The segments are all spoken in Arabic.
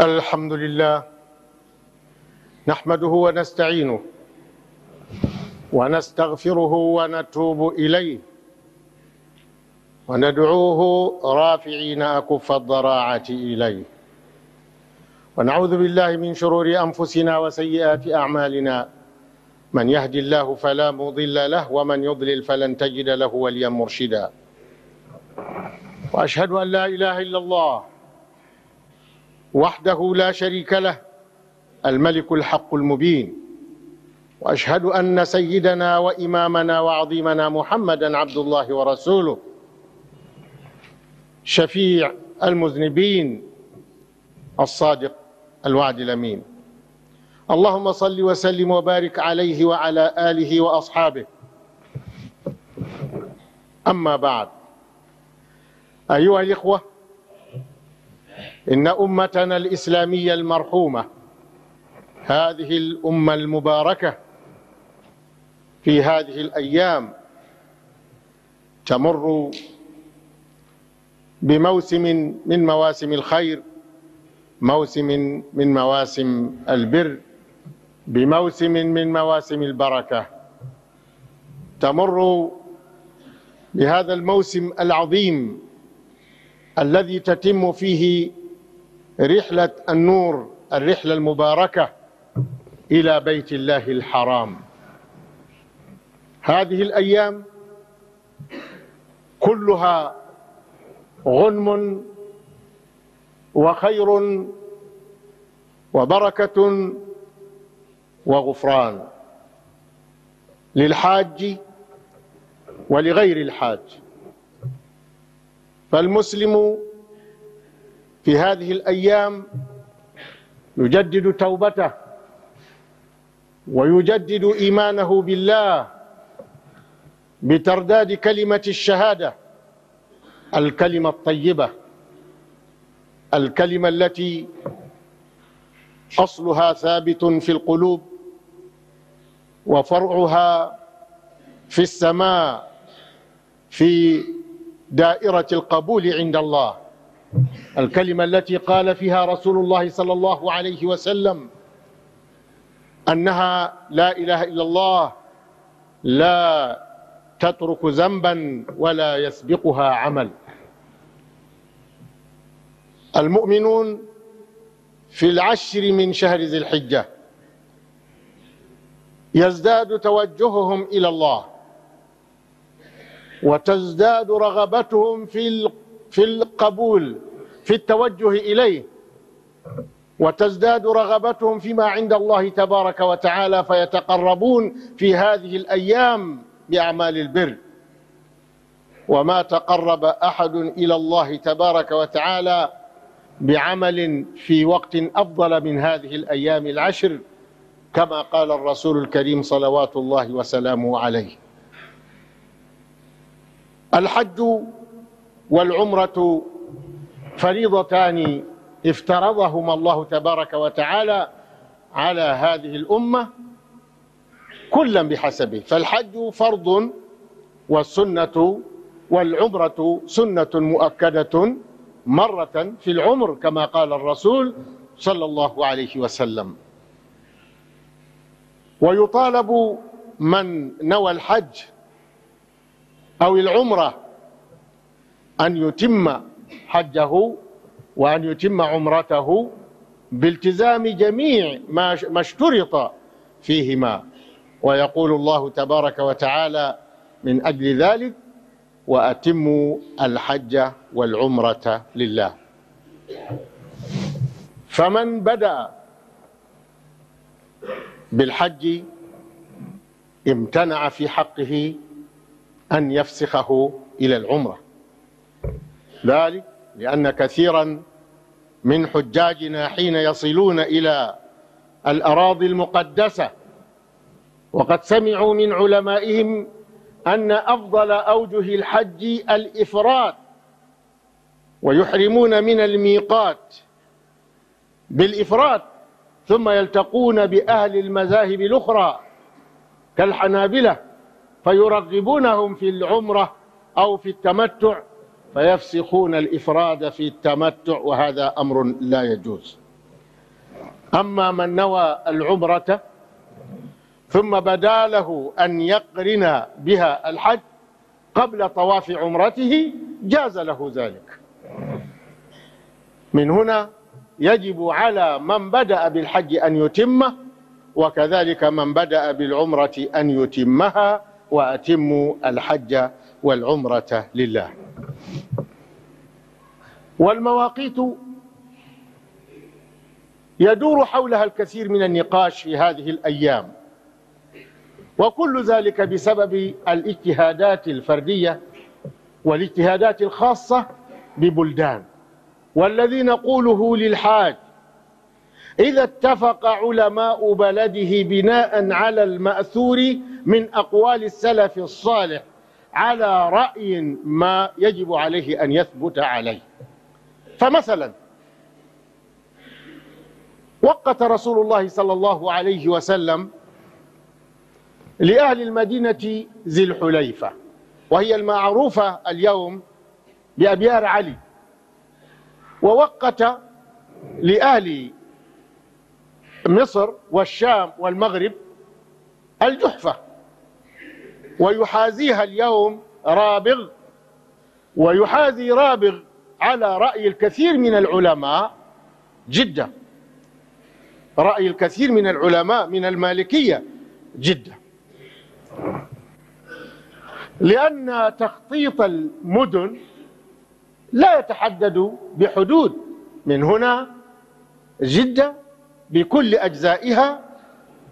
الحمد لله نحمده ونستعينه ونستغفره ونتوب إليه وندعوه رافعين أكف الضراعة إليه ونعوذ بالله من شرور أنفسنا وسيئات أعمالنا من يهدي الله فلا مضل له ومن يضلل فلن تجد له وليا مرشدا وأشهد أن لا إله إلا الله وحده لا شريك له الملك الحق المبين واشهد ان سيدنا وامامنا وعظيمنا محمدا عبد الله ورسوله شفيع المذنبين الصادق الوعد الامين اللهم صل وسلم وبارك عليه وعلى اله واصحابه اما بعد ايها الاخوه إن أمتنا الإسلامية المرحومة هذه الأمة المباركة في هذه الأيام تمر بموسم من مواسم الخير موسم من مواسم البر بموسم من مواسم البركة تمر بهذا الموسم العظيم الذي تتم فيه رحلة النور الرحلة المباركة إلى بيت الله الحرام هذه الأيام كلها غنم وخير وبركة وغفران للحاج ولغير الحاج فالمسلم في هذه الأيام يجدد توبته ويجدد إيمانه بالله بترداد كلمة الشهادة الكلمة الطيبة الكلمة التي أصلها ثابت في القلوب وفرعها في السماء في دائرة القبول عند الله الكلمة التي قال فيها رسول الله صلى الله عليه وسلم أنها لا إله إلا الله لا تترك ذنبا ولا يسبقها عمل المؤمنون في العشر من شهر ذي الحجة يزداد توجههم إلى الله وتزداد رغبتهم في في القبول في التوجه إليه وتزداد رغبتهم فيما عند الله تبارك وتعالى فيتقربون في هذه الأيام بأعمال البر وما تقرب أحد إلى الله تبارك وتعالى بعمل في وقت أفضل من هذه الأيام العشر كما قال الرسول الكريم صلوات الله وسلامه عليه الحج والعمرة فريضتان افترضهما الله تبارك وتعالى على هذه الأمة كلا بحسبه فالحج فرض والسنة والعمرة سنة مؤكدة مرة في العمر كما قال الرسول صلى الله عليه وسلم ويطالب من نوى الحج أو العمرة أن يتم حجه وأن يتم عمرته بالتزام جميع ما اشترط فيهما ويقول الله تبارك وتعالى من أجل ذلك وأتموا الحج والعمرة لله فمن بدأ بالحج امتنع في حقه أن يفسخه إلى العمره ذلك لأن كثيرا من حجاجنا حين يصلون إلى الأراضي المقدسة وقد سمعوا من علمائهم أن أفضل أوجه الحج الإفراد ويحرمون من الميقات بالإفراد ثم يلتقون بأهل المذاهب الأخرى كالحنابلة فيرغبونهم في العمرة أو في التمتع فيفسخون الإفراد في التمتع وهذا أمر لا يجوز أما من نوى العمرة ثم بدا له أن يقرن بها الحج قبل طواف عمرته جاز له ذلك من هنا يجب على من بدأ بالحج أن يتمه وكذلك من بدأ بالعمرة أن يتمها وأتموا الحج والعمرة لله والمواقيت يدور حولها الكثير من النقاش في هذه الأيام وكل ذلك بسبب الاجتهادات الفردية والاجتهادات الخاصة ببلدان والذي نقوله للحاج إذا اتفق علماء بلده بناء على المأثور من أقوال السلف الصالح على رأي ما يجب عليه أن يثبت عليه فمثلا وقت رسول الله صلى الله عليه وسلم لأهل المدينة ذي الحليفة وهي المعروفة اليوم بأبيار علي ووقت لأهل مصر والشام والمغرب الجحفة ويحازيها اليوم رابغ ويحازي رابغ على رأي الكثير من العلماء جدة رأي الكثير من العلماء من المالكية جدة لأن تخطيط المدن لا يتحدد بحدود من هنا جدة بكل أجزائها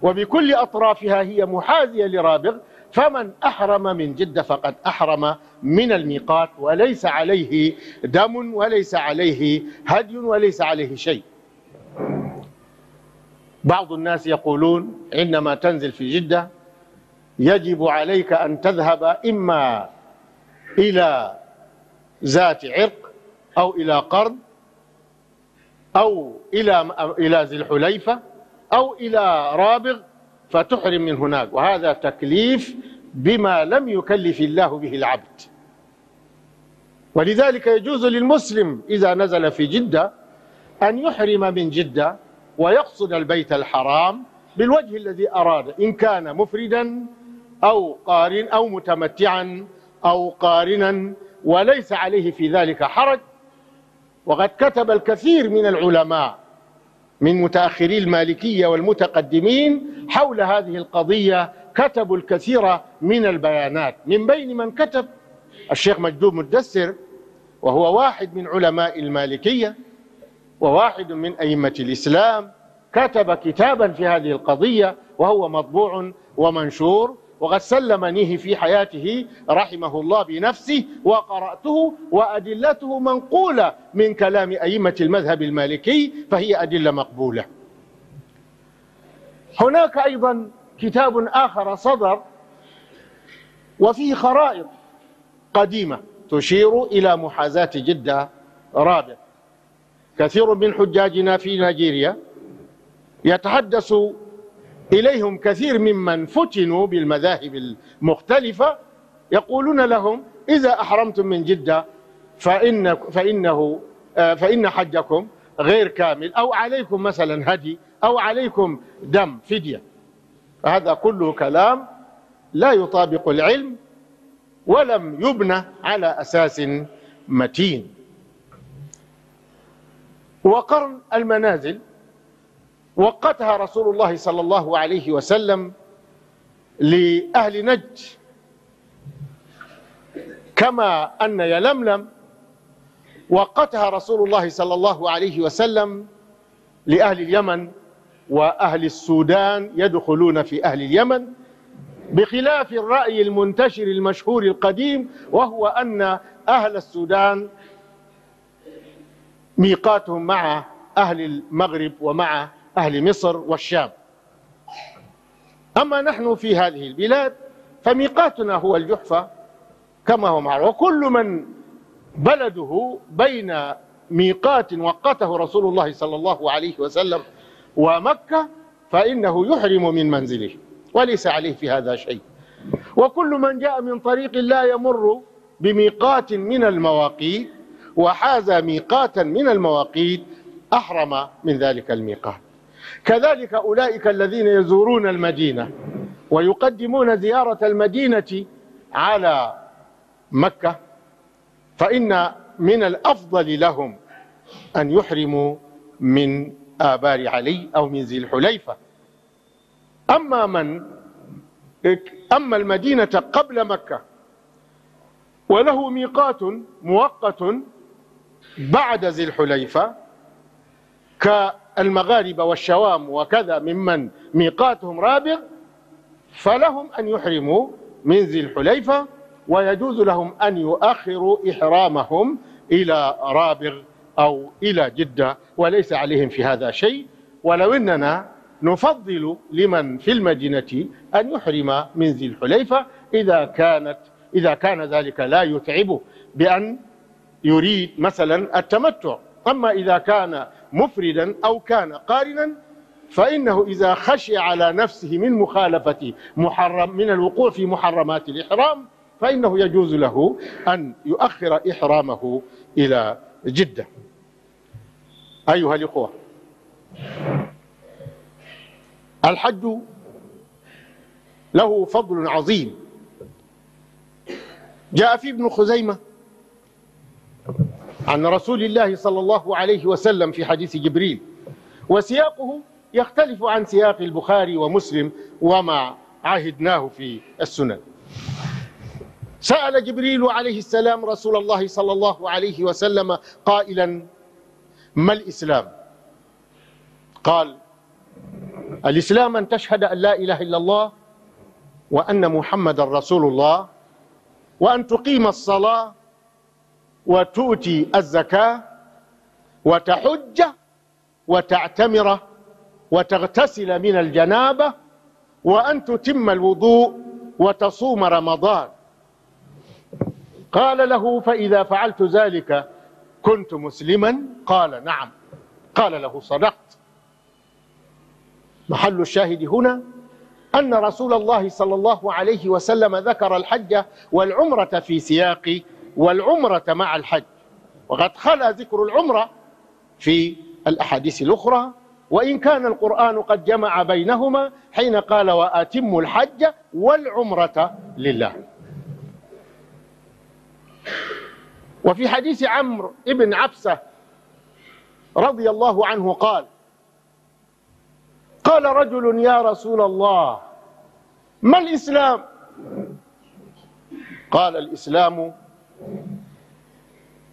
وبكل أطرافها هي محاذية لرابغ فمن أحرم من جدة فقد أحرم من الميقات وليس عليه دم وليس عليه هدي وليس عليه شيء بعض الناس يقولون عندما تنزل في جدة يجب عليك أن تذهب إما إلى ذات عرق أو إلى قرن أو إلى إلى ذي الحليفة أو إلى رابغ فتحرم من هناك وهذا تكليف بما لم يكلف الله به العبد ولذلك يجوز للمسلم إذا نزل في جدة أن يحرم من جدة ويقصد البيت الحرام بالوجه الذي أراد إن كان مفردا أو قارن أو متمتعا أو قارنا وليس عليه في ذلك حرج وقد كتب الكثير من العلماء من متاخري المالكيه والمتقدمين حول هذه القضيه كتبوا الكثير من البيانات من بين من كتب الشيخ مجدوب مدثر وهو واحد من علماء المالكيه وواحد من ائمه الاسلام كتب كتابا في هذه القضيه وهو مطبوع ومنشور وقد سلمنيه في حياته رحمه الله بنفسه وقرأته وأدلته منقولة من كلام أئمة المذهب المالكي فهي أدلة مقبولة هناك أيضا كتاب آخر صدر وفيه خرائط قديمة تشير إلى محاذاة جدة رابع كثير من حجاجنا في نيجيريا يتحدث إليهم كثير ممن فتنوا بالمذاهب المختلفة يقولون لهم إذا أحرمتم من جدة فإن فإنه آه، فإن حجكم غير كامل أو عليكم مثلا هدي أو عليكم دم فدية هذا كله كلام لا يطابق العلم ولم يبنى على أساس متين وقرن المنازل وقتها رسول الله صلى الله عليه وسلم لأهل نجد كما أن يلملم وقتها رسول الله صلى الله عليه وسلم لأهل اليمن وأهل السودان يدخلون في أهل اليمن بخلاف الرأي المنتشر المشهور القديم وهو أن أهل السودان ميقاتهم مع أهل المغرب ومع أهل مصر والشام أما نحن في هذه البلاد فميقاتنا هو الجحفة كما هو معروف وكل من بلده بين ميقات وقته رسول الله صلى الله عليه وسلم ومكة فإنه يحرم من منزله وليس عليه في هذا شيء وكل من جاء من طريق لا يمر بميقات من المواقيت وحاز ميقاتا من المواقيت أحرم من ذلك الميقات كذلك أولئك الذين يزورون المدينة ويقدمون زيارة المدينة على مكة فإن من الأفضل لهم أن يحرموا من آبار علي أو من ذي الحليفة أما من أما المدينة قبل مكة وله ميقات مؤقت بعد ذي الحليفة كالمغاربة والشوام وكذا ممن ميقاتهم رابغ فلهم أن يحرموا من ذي الحليفة ويجوز لهم أن يؤخروا إحرامهم إلى رابغ أو إلى جدة وليس عليهم في هذا شيء ولو أننا نفضل لمن في المدينة أن يحرم من ذي الحليفة إذا كانت إذا كان ذلك لا يتعبه بأن يريد مثلا التمتع أما إذا كان مفردا أو كان قارنا فإنه إذا خشي على نفسه من مخالفة محرم من الوقوع في محرمات الإحرام فإنه يجوز له أن يؤخر إحرامه إلى جدة أيها الإخوة الحج له فضل عظيم جاء في ابن خزيمة عن رسول الله صلى الله عليه وسلم في حديث جبريل وسياقه يختلف عن سياق البخاري ومسلم وما عهدناه في السنن سأل جبريل عليه السلام رسول الله صلى الله عليه وسلم قائلا ما الإسلام قال الإسلام أن تشهد أن لا إله إلا الله وأن محمد رسول الله وأن تقيم الصلاة وتؤتي الزكاة وتحج وتعتمر وتغتسل من الجنابة وأن تتم الوضوء وتصوم رمضان قال له فإذا فعلت ذلك كنت مسلما قال نعم قال له صدقت محل الشاهد هنا أن رسول الله صلى الله عليه وسلم ذكر الحج والعمرة في سياق والعمرة مع الحج وقد خلا ذكر العمرة في الأحاديث الأخرى وإن كان القرآن قد جمع بينهما حين قال وأتم الحج والعمرة لله وفي حديث عمرو ابن عبسة رضي الله عنه قال قال رجل يا رسول الله ما الإسلام قال الإسلام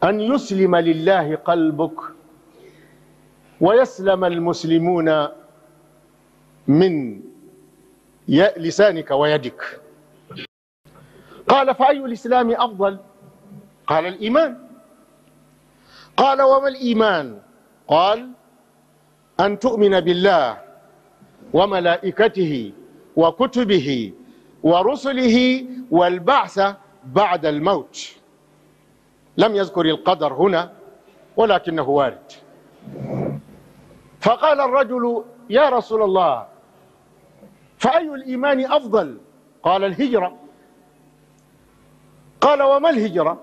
أن يسلم لله قلبك ويسلم المسلمون من لسانك ويدك قال فأي الإسلام أفضل قال الإيمان قال وما الإيمان قال أن تؤمن بالله وملائكته وكتبه ورسله والبعث بعد الموت لم يذكر القدر هنا ولكنه وارد فقال الرجل يا رسول الله فأي الإيمان أفضل قال الهجرة قال وما الهجرة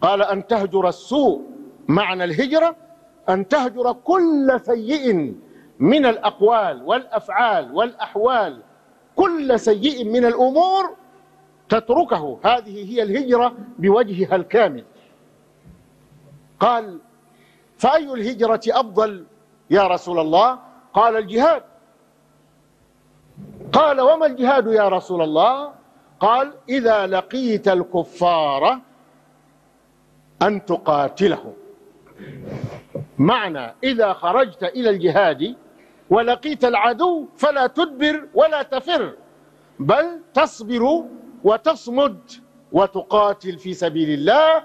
قال أن تهجر السوء معنى الهجرة أن تهجر كل سيء من الأقوال والأفعال والأحوال كل سيء من الأمور تتركه هذه هي الهجرة بوجهها الكامل قال فأي الهجرة أفضل يا رسول الله قال الجهاد قال وما الجهاد يا رسول الله قال إذا لقيت الكفار أن تقاتلهم معنى إذا خرجت إلى الجهاد ولقيت العدو فلا تدبر ولا تفر بل تصبر وتصمد وتقاتل في سبيل الله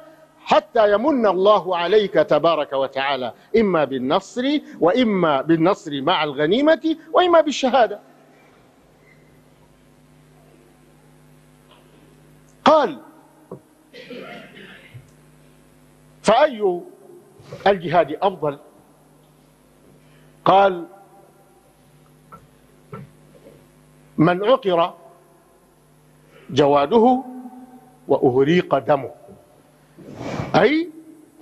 حتى يمن الله عليك تبارك وتعالى إما بالنصر وإما بالنصر مع الغنيمة وإما بالشهادة قال فأي الجهاد أفضل قال من عقر جواده وأهريق دمه أي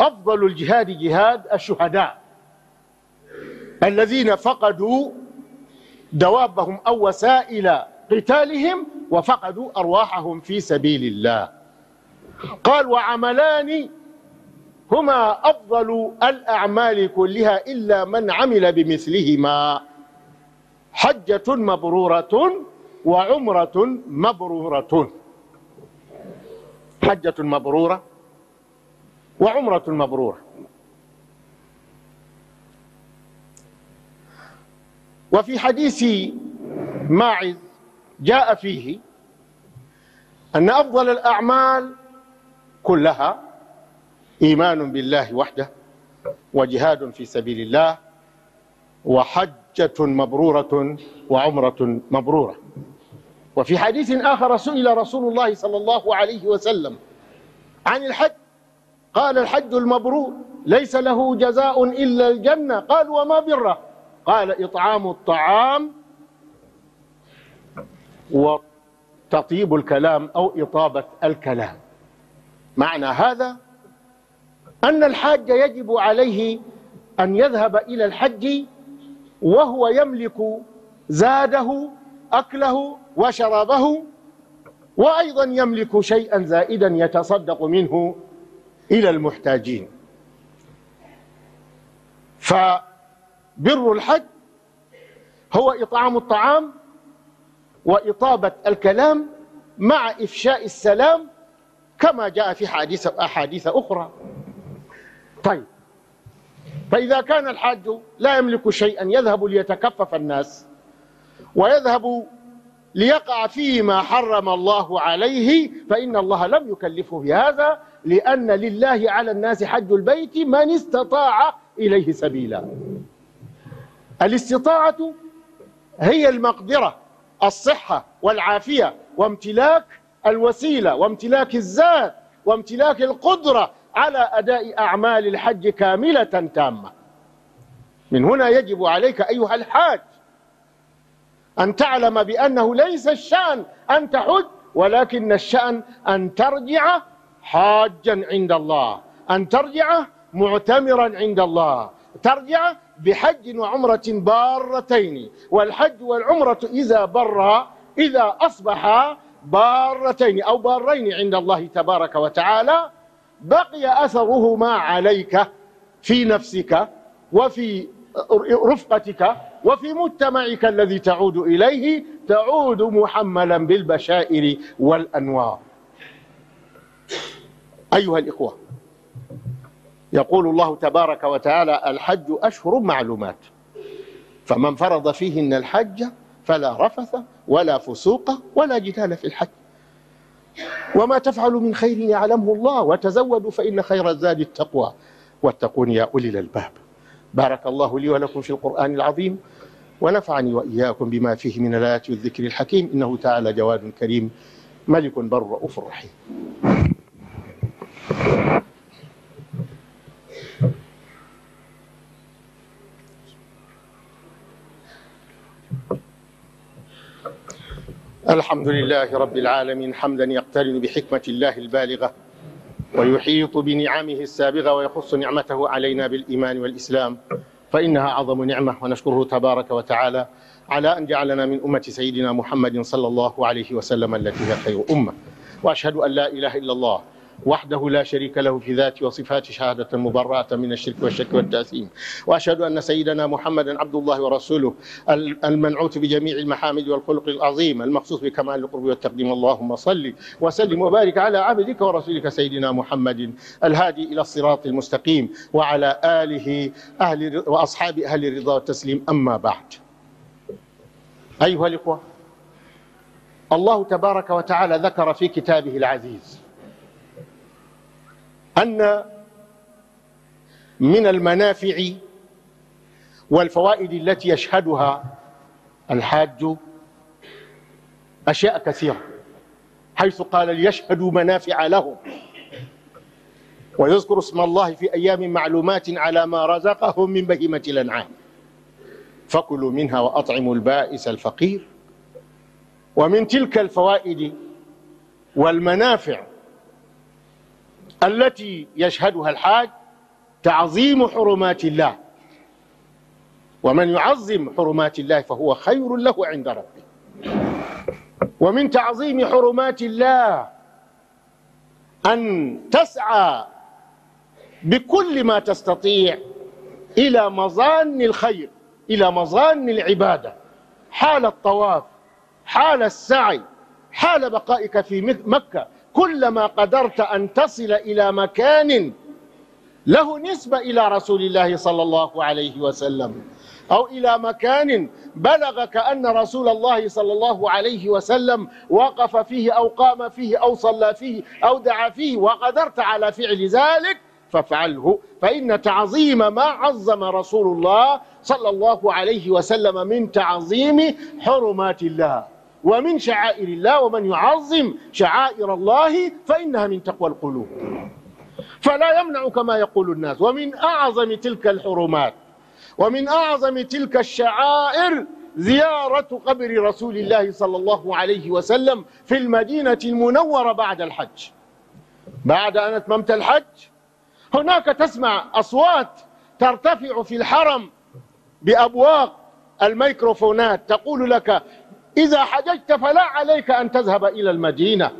أفضل الجهاد جهاد الشهداء الذين فقدوا دوابهم أو وسائل قتالهم وفقدوا أرواحهم في سبيل الله قال وعملان هما أفضل الأعمال كلها إلا من عمل بمثلهما حجة مبرورة وعمرة مبرورة حجة مبرورة وعمرة مبرورة وفي حديث ماعز جاء فيه أن أفضل الأعمال كلها إيمان بالله وحده وجهاد في سبيل الله وحجة مبرورة وعمرة مبرورة وفي حديث آخر سئل رسول الله صلى الله عليه وسلم عن الحج قال الحج المبرور ليس له جزاء إلا الجنة قال وما بره قال إطعام الطعام وتطيب الكلام أو إطابة الكلام معنى هذا أن الحاج يجب عليه أن يذهب إلى الحج وهو يملك زاده أكله وشرابه وأيضا يملك شيئا زائدا يتصدق منه إلى المحتاجين فبر الحج هو إطعام الطعام وإطابة الكلام مع إفشاء السلام كما جاء في حديث أحاديث أخرى طيب فإذا كان الحاج لا يملك شيئا يذهب ليتكفف الناس ويذهب ليقع فيما حرم الله عليه فإن الله لم يكلفه بهذا لأن لله على الناس حج البيت من استطاع إليه سبيلا الاستطاعة هي المقدرة الصحة والعافية وامتلاك الوسيلة وامتلاك الذات وامتلاك القدرة على أداء أعمال الحج كاملة تامة من هنا يجب عليك أيها الحاج أن تعلم بأنه ليس الشأن أن تحج ولكن الشأن أن ترجع حاجا عند الله أن ترجع معتمرا عند الله ترجع بحج وعمرة بارتين والحج والعمرة إذا برا إذا أصبحا بارتين أو بارين عند الله تبارك وتعالى بقي أثرهما عليك في نفسك وفي رفقتك وفي مجتمعك الذي تعود إليه تعود محملا بالبشائر والأنوار أيها الإخوة يقول الله تبارك وتعالى الحج أشهر معلومات فمن فرض فيهن الحج فلا رفث ولا فسوق ولا جدال في الحج وما تفعل من خير يعلمه الله وتزودوا فإن خير الزاد التقوى واتقون يا أولي الألباب بارك الله لي ولكم في القرآن العظيم ونفعني وإياكم بما فيه من الآيات والذكر الحكيم إنه تعالى جواد كريم ملك بر رؤوف رحيم الحمد لله رب العالمين حمدا يقترن بحكمة الله البالغة ويحيط بنعمه السابغة ويخص نعمته علينا بالإيمان والإسلام فإنها أعظم نعمة ونشكره تبارك وتعالى على أن جعلنا من أمة سيدنا محمد صلى الله عليه وسلم التي هي خير أمة وأشهد أن لا إله إلا الله وحده لا شريك له في ذاته وصفاته شهادة مبرعة من الشرك والشك والتأثيم وأشهد أن سيدنا محمدا عبد الله ورسوله المنعوت بجميع المحامد والخلق العظيم المخصوص بكمال القرب والتقديم اللهم صل وسلم وبارك على عبدك ورسولك سيدنا محمد الهادي إلى الصراط المستقيم وعلى آله أهل وأصحاب أهل الرضا والتسليم أما بعد أيها الإخوة الله تبارك وتعالى ذكر في كتابه العزيز أن من المنافع والفوائد التي يشهدها الحاج أشياء كثيرة حيث قال ليشهدوا منافع لهم ويذكر اسم الله في أيام معلومات على ما رزقهم من بهيمة الأنعام فكلوا منها وأطعموا البائس الفقير ومن تلك الفوائد والمنافع التي يشهدها الحاج تعظيم حرمات الله ومن يعظم حرمات الله فهو خير له عند ربه ومن تعظيم حرمات الله أن تسعى بكل ما تستطيع إلى مظان الخير إلى مظان العبادة حال الطواف حال السعي حال بقائك في مكة كلما قدرت أن تصل إلى مكان له نسبة إلى رسول الله صلى الله عليه وسلم أو إلى مكان بلغ كأن رسول الله صلى الله عليه وسلم وقف فيه أو قام فيه أو صلى فيه أو دعا فيه وقدرت على فعل ذلك فافعله فإن تعظيم ما عظم رسول الله صلى الله عليه وسلم من تعظيم حرمات الله ومن شعائر الله ومن يعظم شعائر الله فإنها من تقوى القلوب فلا يمنع كما يقول الناس ومن أعظم تلك الحرمات ومن أعظم تلك الشعائر زيارة قبر رسول الله صلى الله عليه وسلم في المدينة المنورة بعد الحج بعد أن أتممت الحج هناك تسمع أصوات ترتفع في الحرم بأبواق الميكروفونات تقول لك إذا حججت فلا عليك أن تذهب إلى المدينة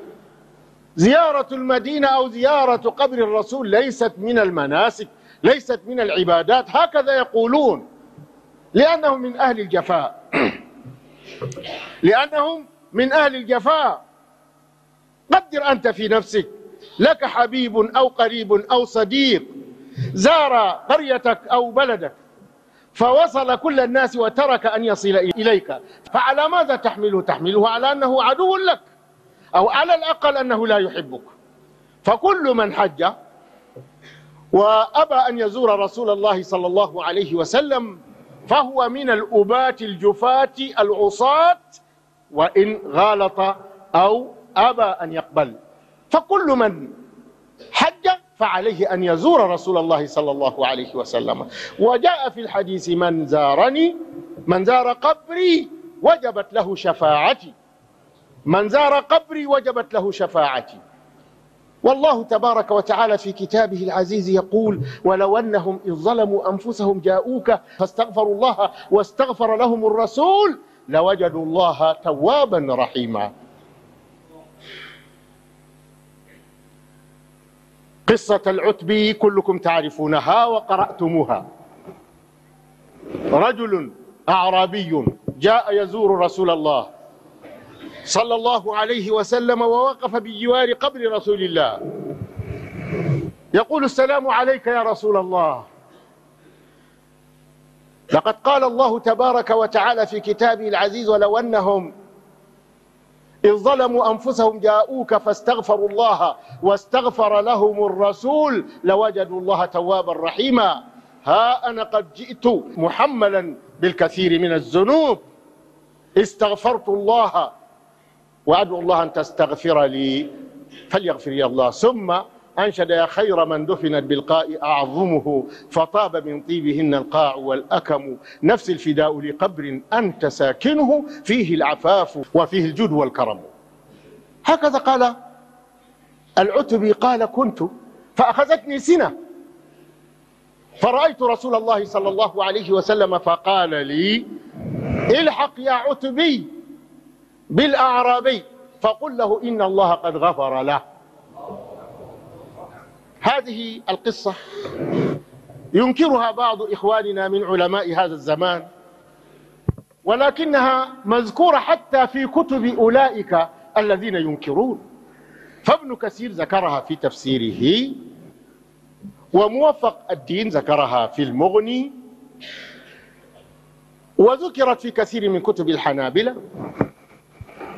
زيارة المدينة أو زيارة قبر الرسول ليست من المناسك ليست من العبادات هكذا يقولون لأنهم من أهل الجفاء لأنهم من أهل الجفاء قدر أنت في نفسك لك حبيب أو قريب أو صديق زار قريتك أو بلدك فوصل كل الناس وترك أن يصل إليك فعلى ماذا تحمله تحمله على أنه عدو لك أو على الأقل أنه لا يحبك فكل من حج وأبى أن يزور رسول الله صلى الله عليه وسلم فهو من الأبات الجفاة العصاة وإن غالط أو أبى أن يقبل فكل من حج فعليه أن يزور رسول الله صلى الله عليه وسلم وجاء في الحديث من زارني من زار قبري وجبت له شفاعتي من زار قبري وجبت له شفاعتي والله تبارك وتعالى في كتابه العزيز يقول ولو أنهم إذ ظلموا أنفسهم جاءوك فاستغفروا الله واستغفر لهم الرسول لوجدوا الله توابا رحيما قصة العتبي كلكم تعرفونها وقرأتموها رجل أعرابي جاء يزور رسول الله صلى الله عليه وسلم ووقف بجوار قبر رسول الله يقول السلام عليك يا رسول الله لقد قال الله تبارك وتعالى في كتابه العزيز ولو أنهم إذ ظلموا أنفسهم جاءوك فاستغفروا الله واستغفر لهم الرسول لوجدوا الله توابا رحيما ها أنا قد جئت محملا بالكثير من الذنوب استغفرت الله وأدعو الله أن تستغفر لي فليغفر لي الله ثم أنشد يا خير من دفنت بالقاء أعظمه فطاب من طيبهن القاع والأكم نفس الفداء لقبر أنت ساكنه فيه العفاف وفيه الجود والكرم هكذا قال العتبي قال كنت فأخذتني سنة فرأيت رسول الله صلى الله عليه وسلم فقال لي الحق يا عتبي بالأعرابي فقل له إن الله قد غفر له هذه القصة ينكرها بعض إخواننا من علماء هذا الزمان ولكنها مذكورة حتى في كتب أولئك الذين ينكرون فابن كثير ذكرها في تفسيره وموفق الدين ذكرها في المغني وذكرت في كثير من كتب الحنابلة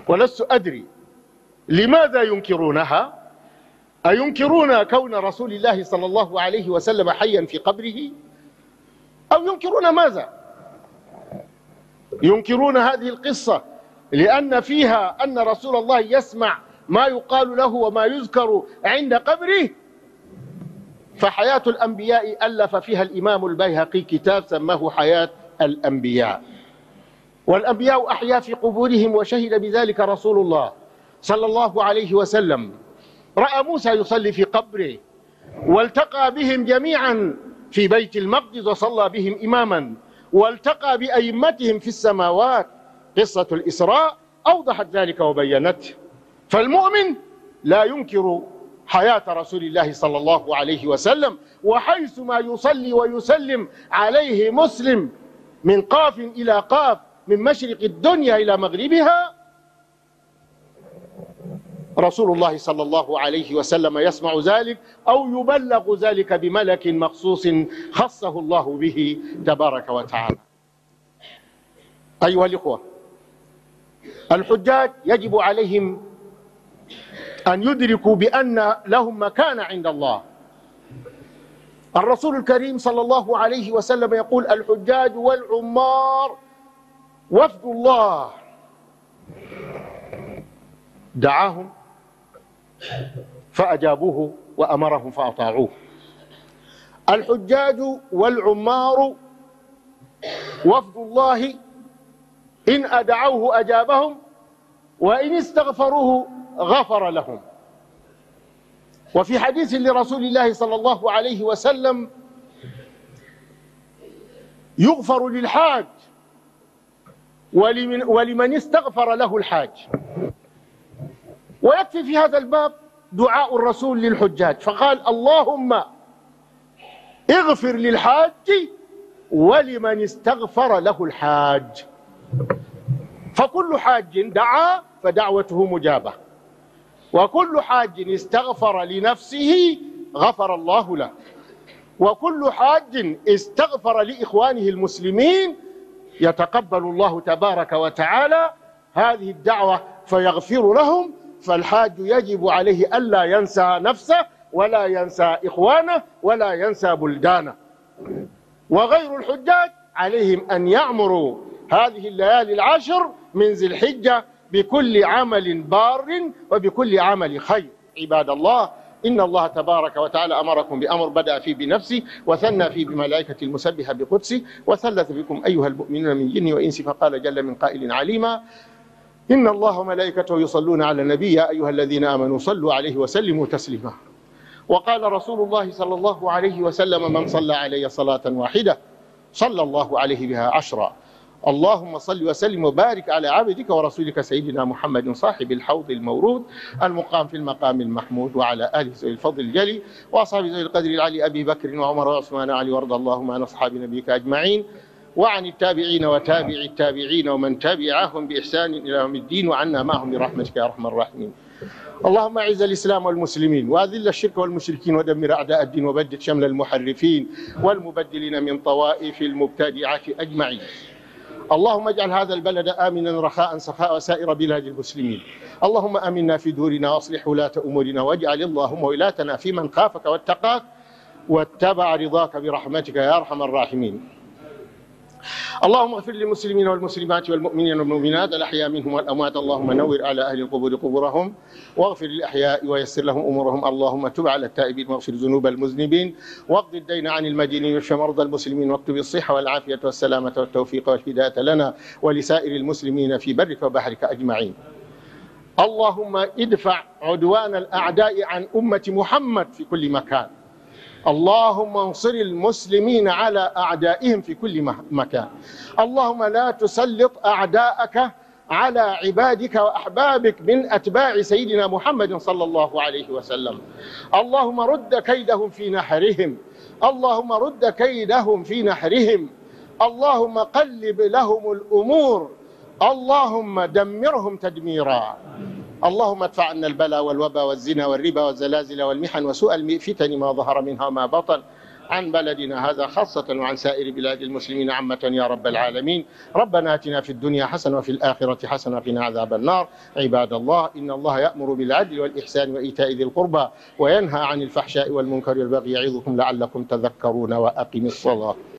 ولست أدري لماذا ينكرونها أينكرون كون رسول الله صلى الله عليه وسلم حيا في قبره أو ينكرون ماذا ينكرون هذه القصة لأن فيها أن رسول الله يسمع ما يقال له وما يذكر عند قبره فحياة الأنبياء ألف فيها الإمام البيهقي كتاب سماه حياة الأنبياء والأنبياء أحيا في قبورهم وشهد بذلك رسول الله صلى الله عليه وسلم رأى موسى يصلي في قبره والتقى بهم جميعا في بيت المقدس وصلى بهم إماما والتقى بأئمتهم في السماوات قصة الإسراء أوضحت ذلك وبينته فالمؤمن لا ينكر حياة رسول الله صلى الله عليه وسلم وحيثما يصلي ويسلم عليه مسلم من قاف إلى قاف من مشرق الدنيا إلى مغربها رسول الله صلى الله عليه وسلم يسمع ذلك أو يبلغ ذلك بملك مخصوص خصه الله به تبارك وتعالى أيها الإخوة الحجاج يجب عليهم أن يدركوا بأن لهم مكان عند الله الرسول الكريم صلى الله عليه وسلم يقول الحجاج والعمار وفد الله دعاهم فأجابوه وأمرهم فأطاعوه الحجاج والعمار وفد الله إن أدعوه أجابهم وإن استغفروه غفر لهم وفي حديث لرسول الله صلى الله عليه وسلم يغفر للحاج ولمن, ولمن استغفر له الحاج ويكفي في هذا الباب دعاء الرسول للحجاج فقال اللهم اغفر للحاج ولمن استغفر له الحاج فكل حاج دعا فدعوته مجابة وكل حاج استغفر لنفسه غفر الله له وكل حاج استغفر لإخوانه المسلمين يتقبل الله تبارك وتعالى هذه الدعوة فيغفر لهم فالحاج يجب عليه ألا ينسى نفسه ولا ينسى إخوانه ولا ينسى بلدانه وغير الحجاج عليهم أن يعمروا هذه الليالي العشر من ذي الحجة بكل عمل بار وبكل عمل خير عباد الله إن الله تبارك وتعالى أمركم بأمر بدأ فيه بنفسه وثنى فيه بملائكة المسبحة بقدسه وثلث بكم أيها المؤمنون من جن وإنس فقال جل من قائل عليما إن الله وملائكته يصلون على النبي يا أيها الذين آمنوا صلوا عليه وسلموا تسليما وقال رسول الله صلى الله عليه وسلم من صلى علي صلاة واحدة صلى الله عليه بها عشرا اللهم صل وسلم وبارك على عبدك ورسولك سيدنا محمد صاحب الحوض المورود المقام في المقام المحمود وعلى اله ذوي الفضل الجلي واصحاب ذوي القدر العلي ابي بكر وعمر وعثمان وعلي وارض اللهم عن اصحاب نبيك اجمعين وعن التابعين وتابع التابعين ومن تبعهم بإحسان إلى يوم الدين وعنا معهم برحمتك يا أرحم الراحمين اللهم اعز الاسلام والمسلمين واذل الشرك والمشركين ودمر اعداء الدين وبدد شمل المحرفين والمبدلين من طوائف المبتدعه اجمعين اللهم اجعل هذا البلد امنا رخاء سخاء وسائر بلاد المسلمين اللهم امنا في دورنا واصلح ولاه امورنا واجعل اللهم ولاتنا في من خافك واتقاك واتبع رضاك برحمتك يا ارحم الراحمين اللهم اغفر للمسلمين والمسلمات والمؤمنين والمؤمنات الاحياء منهم والاموات اللهم نور على اهل القبور قبورهم واغفر للاحياء ويسر لهم امورهم اللهم تب على التائبين واغفر ذنوب المذنبين واقض الدين عن المدينين واشف مرضى المسلمين واكتب الصحه والعافيه والسلامه والتوفيق والهدايه لنا ولسائر المسلمين في برك وبحرك اجمعين. اللهم ادفع عدوان الاعداء عن امه محمد في كل مكان. اللهم انصر المسلمين على أعدائهم في كل مكان اللهم لا تسلط أعداءك على عبادك وأحبابك من أتباع سيدنا محمد صلى الله عليه وسلم اللهم رد كيدهم في نحرهم اللهم رد كيدهم في نحرهم اللهم قلب لهم الأمور اللهم دمرهم تدميرا اللهم ادفع عنا البلاء والوبا والزنا والربا والزلازل والمحن وسوء الفتن ما ظهر منها ما بطن عن بلدنا هذا خاصة وعن سائر بلاد المسلمين عامة يا رب العالمين ربنا اتنا في الدنيا حسنة وفي الآخرة حسنة وقنا عذاب النار عباد الله إن الله يأمر بالعدل والإحسان وإيتاء ذي القربى وينهى عن الفحشاء والمنكر والبغي يعظكم لعلكم تذكرون وأقم الصلاة